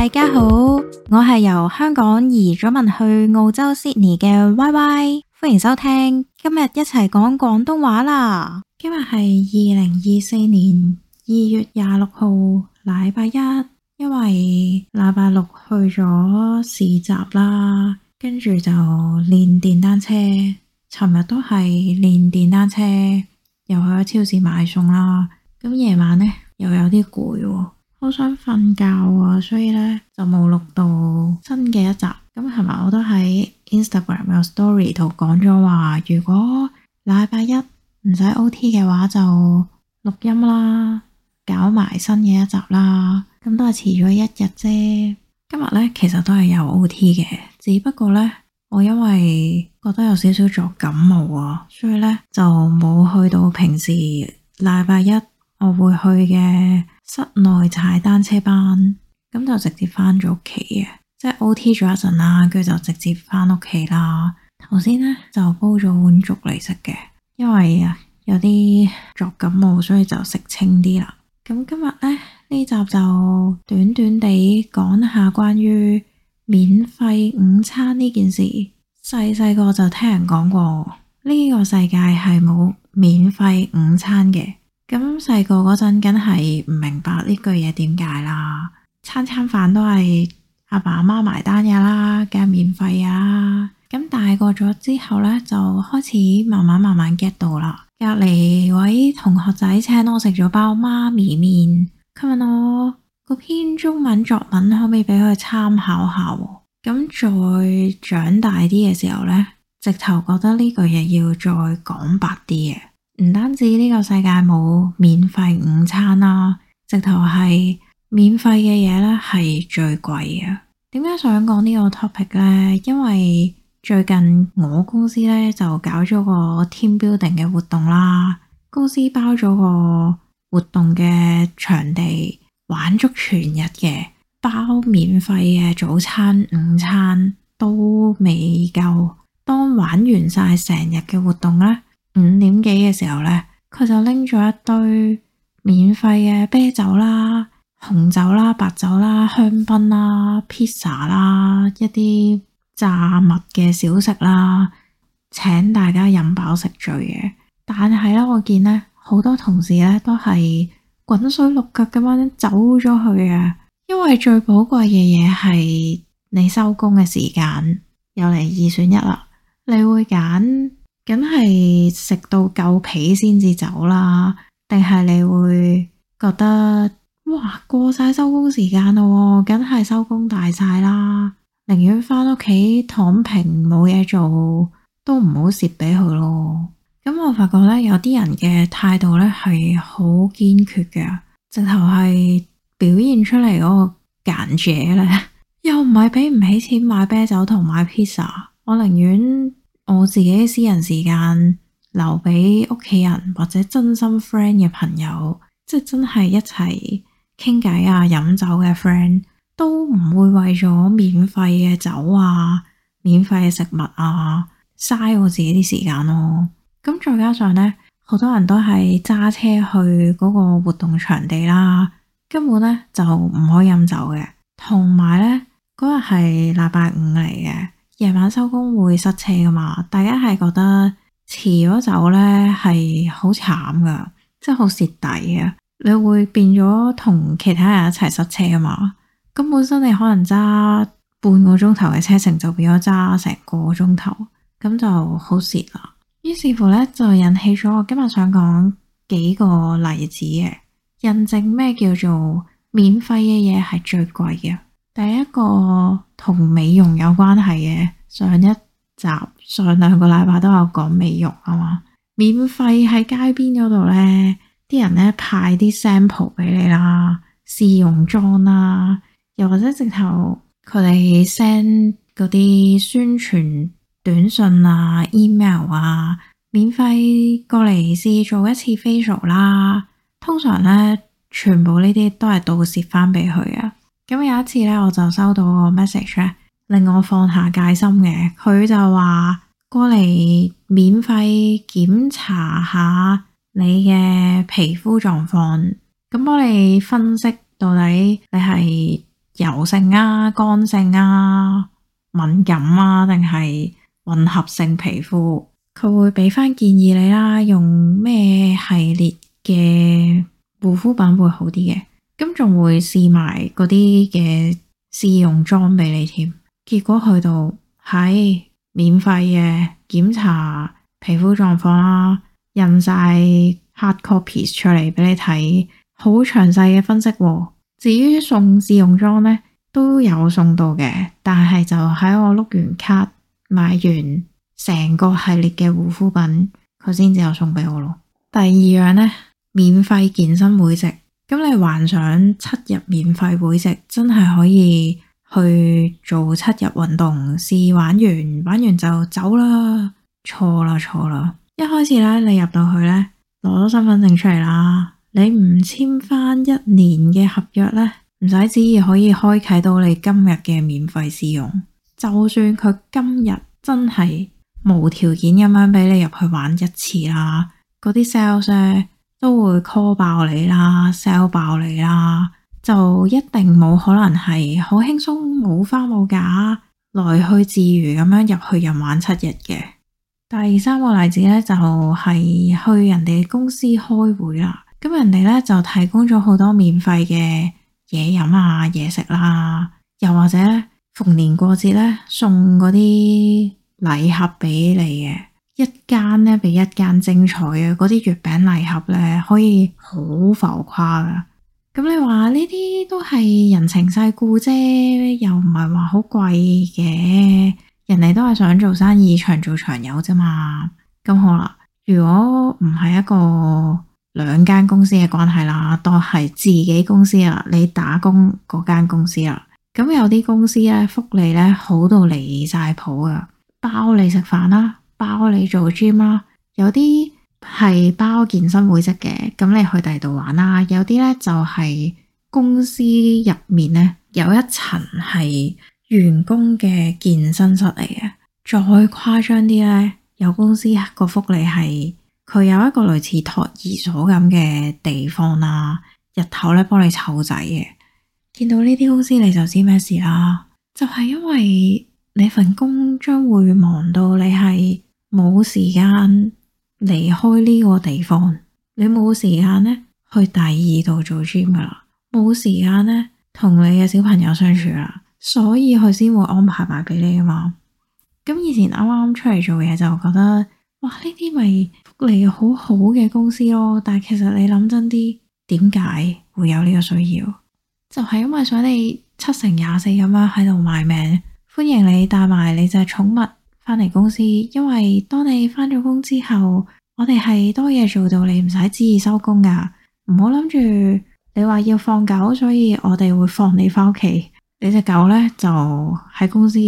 大家好，我係由香港移咗民去澳洲 Sydney 嘅 Y Y，歡迎收聽，今日一齊講廣東話啦。今日係二零二四年二月廿六號，禮拜一。因為禮拜六去咗市集啦，跟住就練電單車。尋日都係練電單車，又去咗超市買餸啦。咁夜晚呢，又有啲攰啊。好想瞓覺啊，所以咧就冇錄到新嘅一集。咁係咪我都喺 Instagram 有 story 度講咗話，如果禮拜一唔使 OT 嘅話就錄音啦，搞埋新嘅一集啦。咁都係遲咗一日啫。今日咧其實都係有 OT 嘅，只不過咧我因為覺得有少少作感冒啊，所以咧就冇去到平時禮拜一我會去嘅。室內踩單車班，咁就直接翻咗屋企嘅，即係 O.T. 咗一陣啦，跟住就直接翻屋企啦。頭先呢，就煲咗碗粥嚟食嘅，因為啊有啲作感冒，所以就食清啲啦。咁今日呢，呢集就短短地講下關於免費午餐呢件事。細細個就聽人講過，呢個世界係冇免費午餐嘅。咁細個嗰陣，梗係唔明白呢句嘢點解啦。餐餐飯都係阿爸阿媽埋單嘅啦，梗係免費啊。咁大個咗之後呢，就開始慢慢慢慢 get 到啦。隔籬位同學仔請我食咗包媽咪麵，佢問我嗰篇中文作文可唔可以俾佢參考下？咁再長大啲嘅時候呢，直頭覺得呢句嘢要再講白啲嘅。唔單止呢個世界冇免費午餐啦，直頭係免費嘅嘢咧係最貴嘅。點解想講呢個 topic 呢？因為最近我公司咧就搞咗個 team building 嘅活動啦，公司包咗個活動嘅場地，玩足全日嘅，包免費嘅早餐、午餐都未夠。當玩完晒成日嘅活動咧，五點幾嘅時候呢，佢就拎咗一堆免費嘅啤酒啦、紅酒啦、白酒啦、香檳啦、pizza 啦，一啲炸物嘅小食啦，請大家飲飽食醉嘅。但係咧，我見呢好多同事呢都係滾水淥腳咁樣走咗去啊，因為最寶貴嘅嘢係你收工嘅時間，又嚟二選一啦，你會揀？梗係食到夠皮先至走啦，定係你會覺得哇過晒收工時間咯，梗係收工大晒啦，寧願返屋企躺平冇嘢做，都唔好蝕俾佢咯。咁我發覺咧，有啲人嘅態度咧係好堅決嘅，直頭係表現出嚟嗰個硬頸咧，又唔係俾唔起錢買啤酒同買披薩，我寧願。我自己私人時間留俾屋企人或者真心 friend 嘅朋友，即係真係一齊傾偈啊、飲酒嘅 friend，都唔會為咗免費嘅酒啊、免費嘅食物啊，嘥我自己啲時間咯、啊。咁再加上呢，好多人都係揸車去嗰個活動場地啦，根本呢就唔可以飲酒嘅。同埋呢，嗰日係禮拜五嚟嘅。夜晚收工會塞車噶嘛？大家係覺得遲咗走呢係好慘噶，即係好蝕底啊！你會變咗同其他人一齊塞車啊嘛？咁本身你可能揸半個鐘頭嘅車程就變咗揸成個鐘頭，咁就好蝕啦。於是乎呢，就引起咗我今日想講幾個例子嘅，印證咩叫做免費嘅嘢係最貴嘅。第一個。同美容有關係嘅，上一集上兩個禮拜都有講美容啊嘛，免費喺街邊嗰度呢啲人呢，派啲 sample 俾你啦，試用裝啦，又或者直頭佢哋 send 嗰啲宣傳短信啊、email 啊，免費過嚟試做一次 facial 啦，通常呢，全部呢啲都係倒蝕翻俾佢啊。咁有一次咧，我就收到個 message 咧，令我放下戒心嘅。佢就話過嚟免費檢查下你嘅皮膚狀況，咁幫你分析到底你係油性啊、乾性啊、敏感啊，定係混合性皮膚。佢會俾翻建議你啦，用咩系列嘅護膚品會好啲嘅。咁仲會試埋嗰啲嘅試用裝俾你添，結果去到喺、哎、免費嘅檢查皮膚狀況啦，印晒 hard copies 出嚟俾你睇，好詳細嘅分析，啊。至於送試用裝呢，都有送到嘅，但係就喺我碌完卡買完成個系列嘅護膚品，佢先至有送俾我咯。第二樣呢，免費健身會籍。咁你幻想七日免費會籍真係可以去做七日運動試玩完，玩完就走啦？錯啦，錯啦！一開始咧，你入到去咧，攞咗身份證出嚟啦，你唔簽翻一年嘅合約咧，唔使旨意可以開啟到你今日嘅免費試用。就算佢今日真係無條件咁樣俾你入去玩一次啦，嗰啲 sales，都會 call 爆你啦，sell 爆你啦，就一定冇可能係好輕鬆冇花冇假，來去自如咁樣入去任玩七日嘅。第三個例子呢，就係去人哋公司開會啦，咁人哋呢，就提供咗好多免費嘅嘢飲啊、嘢食啦、啊，又或者呢逢年過節呢，送嗰啲禮盒俾你嘅。一間咧，比一間精彩啊！嗰啲月餅禮盒咧，可以好浮誇㗎！咁你話呢啲都係人情世故啫，又唔係話好貴嘅。人哋都係想做生意長做長有啫嘛。咁好啦，如果唔係一個兩間公司嘅關係啦，當係自己公司啦，你打工嗰間公司啦。咁有啲公司咧，福利咧，好到離晒譜啊，包你食飯啦～包你做 gym 啦，有啲係包健身會籍嘅，咁你去第二度玩啦；有啲呢就係公司入面呢，有一層係員工嘅健身室嚟嘅。再誇張啲呢，有公司個福利係佢有一個類似托兒所咁嘅地方啦，日頭呢幫你湊仔嘅。見到呢啲公司你就知咩事啦，就係、是、因為你份工將會忙到你係。冇時間離開呢個地方，你冇時間咧去第二度做 gym 啦，冇時間咧同你嘅小朋友相處啦，所以佢先會安排埋俾你啊嘛。咁以前啱啱出嚟做嘢就覺得，哇，呢啲咪福利好好嘅公司咯。但係其實你諗真啲，點解會有呢個需要？就係因為想你七成廿四咁樣喺度賣命，歡迎你帶埋你隻寵物。翻嚟公司，因為當你翻咗工之後，我哋係多嘢做到你，你唔使旨意收工噶。唔好諗住你話要放狗，所以我哋會放你翻屋企，你隻狗呢，就喺公司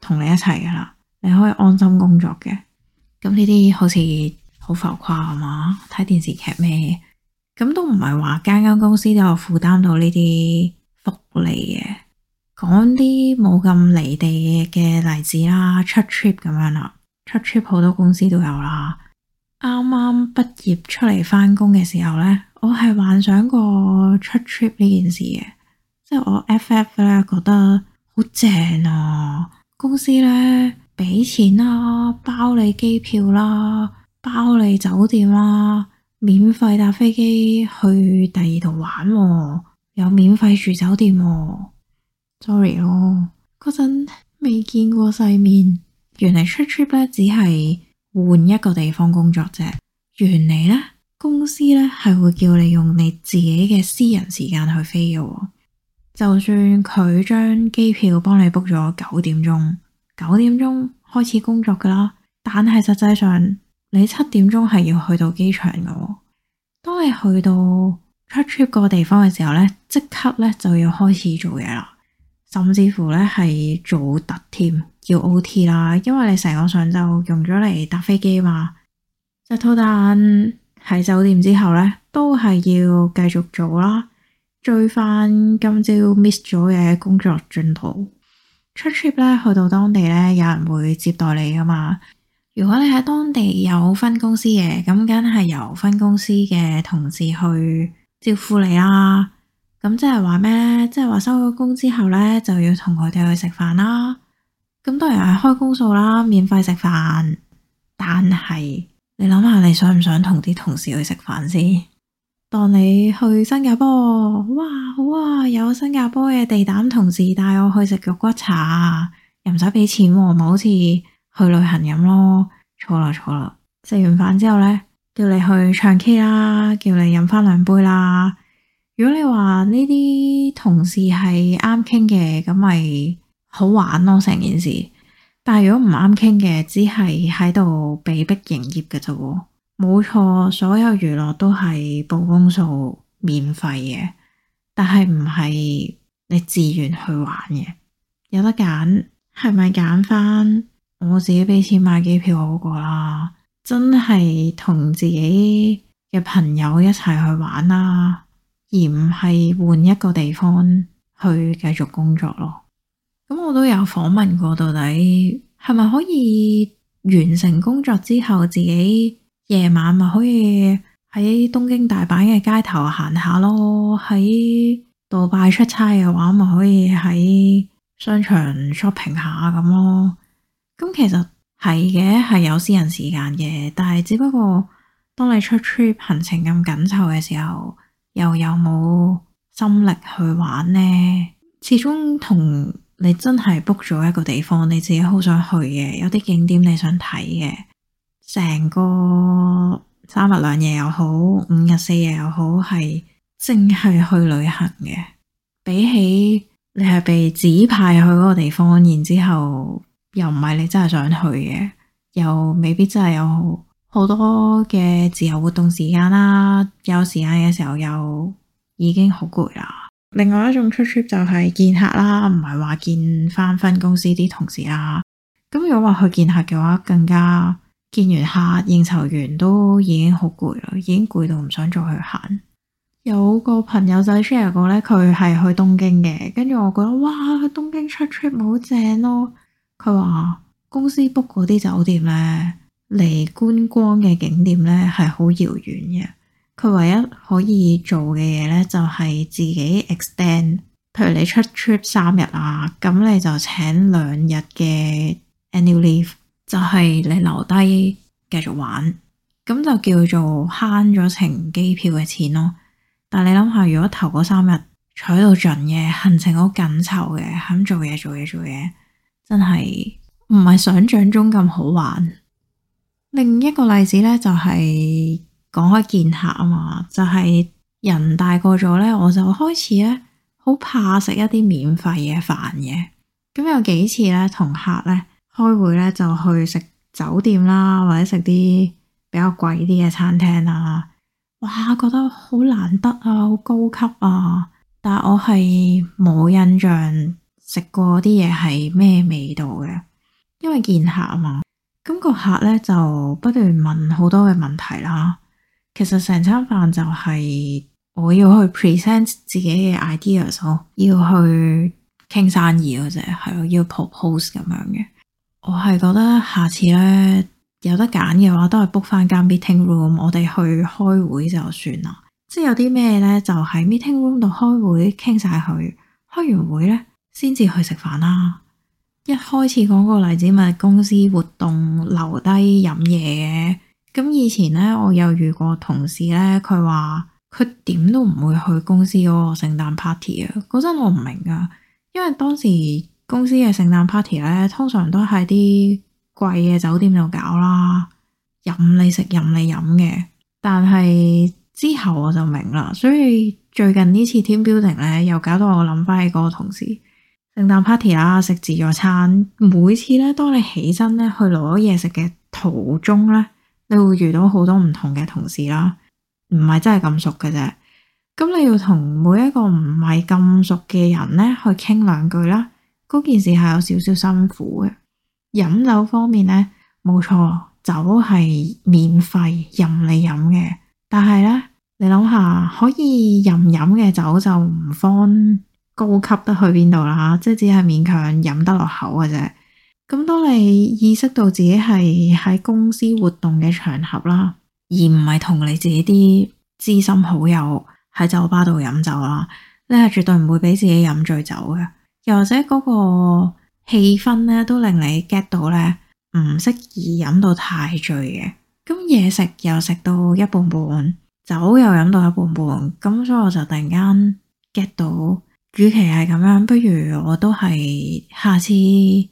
同你一齊噶啦。你可以安心工作嘅。咁呢啲好似好浮誇係嘛？睇電視劇咩？咁都唔係話間間公司都有負擔到呢啲福利嘅。講啲冇咁離地嘅例子啦，出 trip 咁樣啦，出 trip 好多公司都有啦。啱啱畢業出嚟翻工嘅時候呢，我係幻想過出 trip 呢件事嘅，即係我 FF 咧覺得好正啊。公司呢俾錢啦、啊，包你機票啦、啊，包你酒店啦、啊，免費搭飛機去第二度玩、啊，有免費住酒店、啊。Sorry 咯，嗰陣未見過世面，原嚟出 trip 咧只係換一個地方工作啫。原嚟咧，公司咧係會叫你用你自己嘅私人時間去飛嘅，就算佢將機票幫你 book 咗九點鐘，九點鐘開始工作噶啦。但係實際上你七點鐘係要去到機場噶。當你去到出 trip 個地方嘅時候咧，即刻咧就要開始做嘢啦。甚至乎咧係做特添，要 OT 啦，因為你成個上晝用咗嚟搭飛機嘛。就套蛋喺酒店之後咧，都係要繼續做啦，追翻今朝 miss 咗嘅工作進度。出 trip 咧去到當地咧，有人會接待你噶嘛。如果你喺當地有分公司嘅，咁梗係由分公司嘅同事去招呼你啦。咁即係話咩？即係話收咗工之後呢，就要同佢哋去食飯啦。咁當然係開公數啦，免費食飯。但係你諗下，你想唔想同啲同事去食飯先？當你去新加坡，哇好啊，有新加坡嘅地膽同事帶我去食肉骨茶，又唔使俾錢啊，咪好似去旅行咁咯。錯啦錯啦，食完飯之後呢，叫你去唱 K 啦，叫你飲返兩杯啦。如果你話呢啲同事係啱傾嘅，咁咪好玩咯成件事。但係如果唔啱傾嘅，只係喺度被逼營業嘅啫喎。冇錯，所有娛樂都係報公數免費嘅，但係唔係你自願去玩嘅。有得揀，係咪揀翻我自己俾錢買機票嗰個啦？真係同自己嘅朋友一齊去玩啦？而唔係換一個地方去繼續工作咯。咁我都有訪問過，到底係咪可以完成工作之後，自己夜晚咪可以喺東京大阪嘅街頭行下咯？喺杜拜出差嘅話，咪可以喺商場 shopping 下咁咯？咁其實係嘅，係有私人時間嘅，但係只不過當你出 trip 行，行程咁緊湊嘅時候。又有冇心力去玩呢？始終同你真係 book 咗一個地方，你自己好想去嘅，有啲景點你想睇嘅，成個三日兩夜又好，五日四夜又好，係淨係去旅行嘅。比起你係被指派去嗰個地方，然之後又唔係你真係想去嘅，又未必真係有。好多嘅自由活動時間啦，有時間嘅時候又已經好攰啦。另外一種出 trip 就係見客啦，唔係話見翻分公司啲同事啦。咁如果話去見客嘅話，更加見完客應酬完都已經好攰啦，已經攰到唔想再去行。有個朋友就 share 過咧，佢係去東京嘅，跟住我覺得哇，去東京出 trip 好正咯。佢話公司 book 嗰啲酒店咧。嚟觀光嘅景點咧係好遙遠嘅，佢唯一可以做嘅嘢咧就係自己 extend。譬如你出 trip 三日啊，咁你就請兩日嘅 annual leave，就係你留低繼續玩，咁就叫做慳咗程機票嘅錢咯。但你諗下，如果頭嗰三日採到盡嘅行程好緊湊嘅，肯做嘢做嘢做嘢，真係唔係想像中咁好玩。另一個例子咧、就是，就係講開見客啊嘛，就係、是、人大個咗咧，我就開始咧好怕食一啲免費嘅飯嘅。咁有幾次咧，同客咧開會咧就去食酒店啦，或者食啲比較貴啲嘅餐廳啊，哇，覺得好難得啊，好高級啊，但我係冇印象食過啲嘢係咩味道嘅，因為見客啊嘛。咁個客咧就不斷問好多嘅問題啦。其實成餐飯就係我要去 present 自己嘅 ideas，要去傾生意啫係咯，要 propose 咁樣嘅。我係覺得下次咧有得揀嘅話，都係 book 翻間 meeting room，我哋去開會就算啦。即係有啲咩咧，就喺 meeting room 度開會傾晒佢，開完會咧先至去食飯啦。一開始講個例子，咪公司活動留低飲嘢嘅。咁以前呢，我又遇過同事呢，佢話佢點都唔會去公司嗰個聖誕 party 啊。嗰陣我唔明啊，因為當時公司嘅聖誕 party 呢，通常都喺啲貴嘅酒店度搞啦，任你食，任你飲嘅。但係之後我就明啦，所以最近呢次 team building 呢，又搞到我諗翻起嗰個同事。聖誕 party 啦，食自助餐，每次咧，當你起身咧去攞嘢食嘅途中咧，你會遇到好多唔同嘅同事啦，唔係真係咁熟嘅啫。咁你要同每一個唔係咁熟嘅人咧去傾兩句啦，嗰件事係有少少辛苦嘅。飲酒方面咧，冇錯，酒係免費任你飲嘅，但係咧，你諗下可以任飲嘅酒就唔方。高級得去邊度啦，即係只係勉強飲得落口嘅啫。咁當你意識到自己係喺公司活動嘅場合啦，而唔係同你自己啲知心好友喺酒吧度飲酒啦，你係絕對唔會俾自己飲醉酒嘅。又或者嗰個氣氛咧，都令你 get 到咧，唔適宜飲到太醉嘅。咁嘢食又食到一半半，酒又飲到一半半，咁所以我就突然間 get 到。與其係咁樣，不如我都係下次搵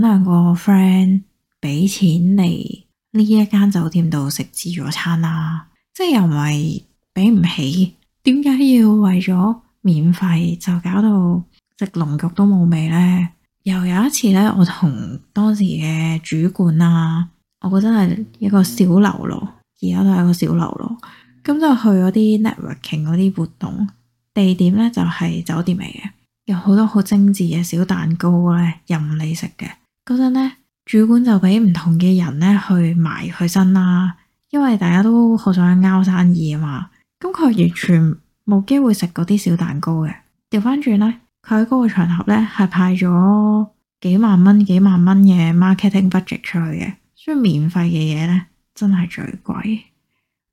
兩個 friend 俾錢嚟，呢一間酒店度食自助餐啦。即係又唔係俾唔起，點解要為咗免費就搞到食龍肉都冇味呢？又有一次呢，我同當時嘅主管啊，我覺得係一個小流露，而家都係個小流露，咁就去嗰啲 networking 嗰啲活動。地點咧，就係酒店嚟嘅，有好多好精緻嘅小蛋糕咧任你食嘅。嗰陣呢，主管就俾唔同嘅人咧去埋佢身啦，因為大家都好想拗生意啊嘛。咁佢完全冇機會食嗰啲小蛋糕嘅。調翻轉呢，佢喺嗰個場合呢係派咗幾萬蚊，幾萬蚊嘅 marketing budget 出去嘅，所以免費嘅嘢呢真係最貴。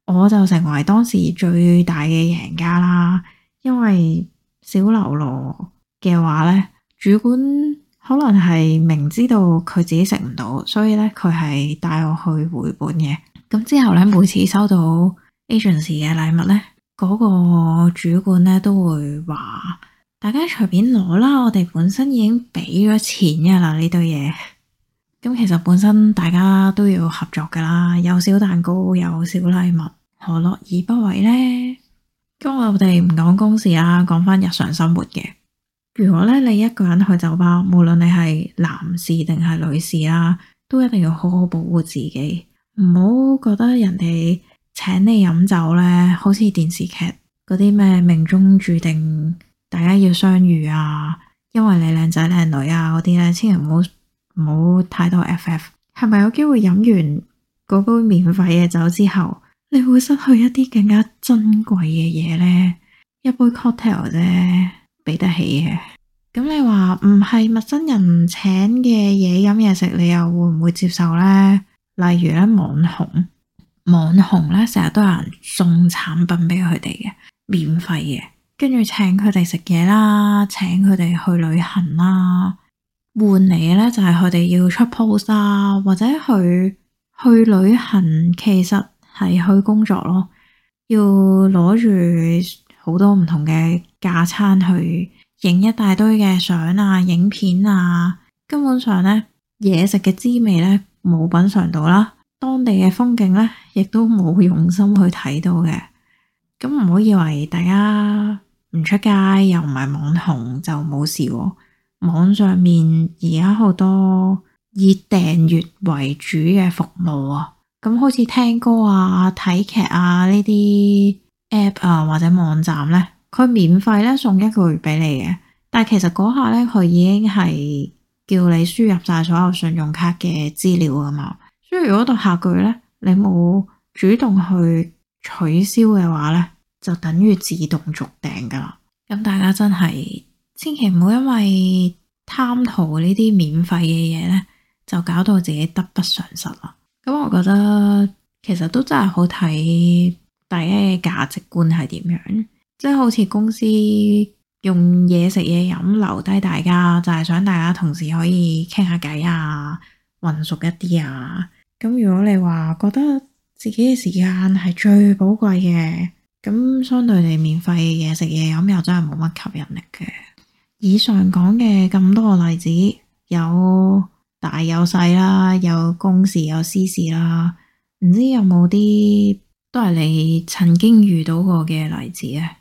我就成為當時最大嘅贏家啦。因為小流羅嘅話呢主管可能係明知道佢自己食唔到，所以呢，佢係帶我去回本嘅。咁之後呢，每次收到 agency 嘅禮物呢，嗰、嗰個主管呢都會話：大家隨便攞啦，我哋本身已經俾咗錢噶啦呢堆嘢。咁其實本身大家都要合作噶啦，有小蛋糕，有小禮物，何樂而不為呢？今日我哋唔講公事啦，講翻日常生活嘅。如果咧你一個人去酒吧，無論你係男士定係女士啦，都一定要好好保護自己，唔好覺得人哋請你飲酒咧，好似電視劇嗰啲咩命中注定大家要相遇啊，因為你靚仔靚女啊嗰啲咧，千祈唔好唔好太多 FF，係咪有機會飲完嗰杯免費嘅酒之後？你會失去一啲更加珍貴嘅嘢呢。一杯 cocktail 啫，俾得起嘅。咁你話唔係陌生人請嘅嘢飲嘢食，你又會唔會接受呢？例如咧，網紅，網紅咧成日都有人送產品俾佢哋嘅，免費嘅，跟住請佢哋食嘢啦，請佢哋去旅行啦，換嚟咧就係佢哋要出 post 啊，或者去去旅行，其實。係去工作咯，要攞住好多唔同嘅架撐去影一大堆嘅相啊、影片啊，根本上呢，嘢食嘅滋味呢冇品嘗到啦，當地嘅風景呢亦都冇用心去睇到嘅。咁唔好以為大家唔出街又唔係網紅就冇事喎。啊，網上面而家好多以訂閱為主嘅服務啊。咁好似聽歌啊、睇劇啊呢啲 app 啊或者網站呢，佢免費咧送一個月俾你嘅。但係其實嗰下呢，佢已經係叫你輸入晒所有信用卡嘅資料噶嘛所以如果到下個月呢，你冇主動去取消嘅話呢，就等於自動續訂噶啦咁大家真係千祈唔好因為貪圖呢啲免費嘅嘢呢，就搞到自己得不償失啦。咁我覺得其實都真係好睇大家嘅價值觀係點樣，即係好似公司用嘢食嘢飲留低大家，就係、是、想大家同事可以傾下偈啊，混熟一啲啊。咁如果你話覺得自己嘅時間係最寶貴嘅，咁相對嚟免費嘅嘢食嘢飲又真係冇乜吸引力嘅。以上講嘅咁多個例子有。大有細啦，有公事有私事啦，唔知有冇啲都係你曾經遇到過嘅例子啊？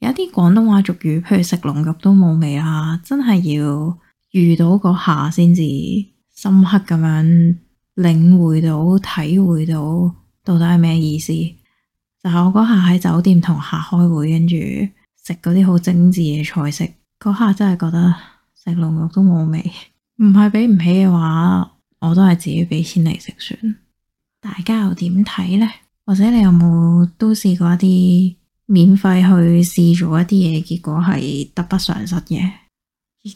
有啲廣東話俗語，譬如食龍肉都冇味啦，真係要遇到個下先至深刻咁樣領會到、體會到到底係咩意思。就係我嗰下喺酒店同客開會，跟住食嗰啲好精致嘅菜式，嗰下真係覺得食龍肉都冇味。唔係俾唔起嘅話，我都係自己俾錢嚟食算。大家又點睇呢？或者你有冇都試過一啲免費去試做一啲嘢，結果係得不償失嘅？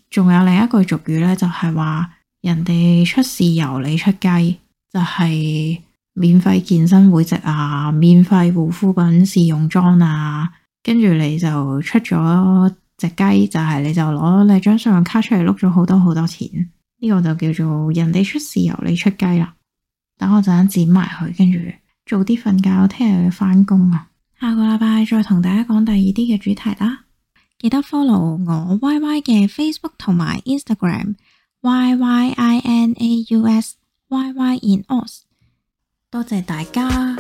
仲有另一句俗語呢，就係話人哋出豉油你出雞，就係、是、免費健身會籍啊，免費護膚品試用裝啊，跟住你就出咗。隻雞就係，你就攞你張信用卡出嚟碌咗好多好多錢，呢、這個就叫做人哋出豉油你出雞啦。等我陣間剪埋佢，跟住早啲瞓覺，聽日去翻工啊！下個禮拜再同大家講第二啲嘅主題啦。記得 follow 我 YY agram, Y Y 嘅 Facebook 同埋 Instagram Y Y I N A U S Y Y In Aus 多謝大家。